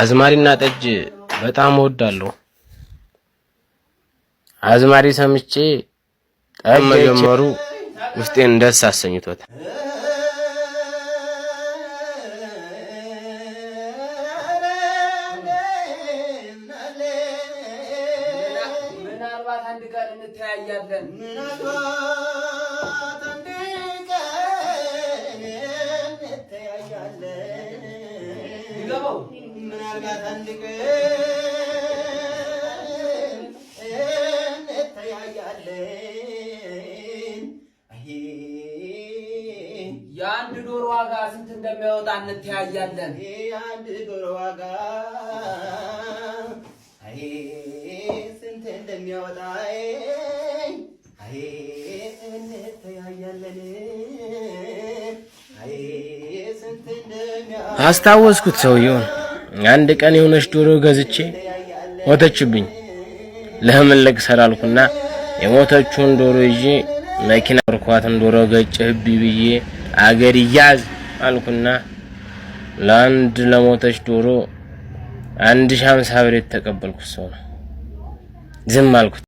አዝማሪና ጠጅ በጣም እወዳለሁ። አዝማሪ ሰምቼ ጠጅ መጀመሩ ውስጤን ደስ አሰኝቶት ምናልባት አንድ ቀን እንተያያለን። ምናልባት አንድ ቀን እንተያያለን። የአንድ ዶሮ ዋጋ ስንት እንደሚያወጣ እንተያያለን። የአንድ ዶሮ ዋጋ ስንት እንደሚያወጣ አስታወስኩት ሰውየውን። አንድ ቀን የሆነች ዶሮ ገዝቼ ሞተችብኝ። ለምን ልክሰር አልኩና የሞተችውን ዶሮ ይዤ መኪና ርኳትን ዶሮ ገጭህብኝ ብዬ አገር ይያዝ አልኩና ለአንድ ለሞተች ዶሮ አንድ ሺህ ሃምሳ ብር የተቀበልኩት ሰው ነው። ዝም አልኩት።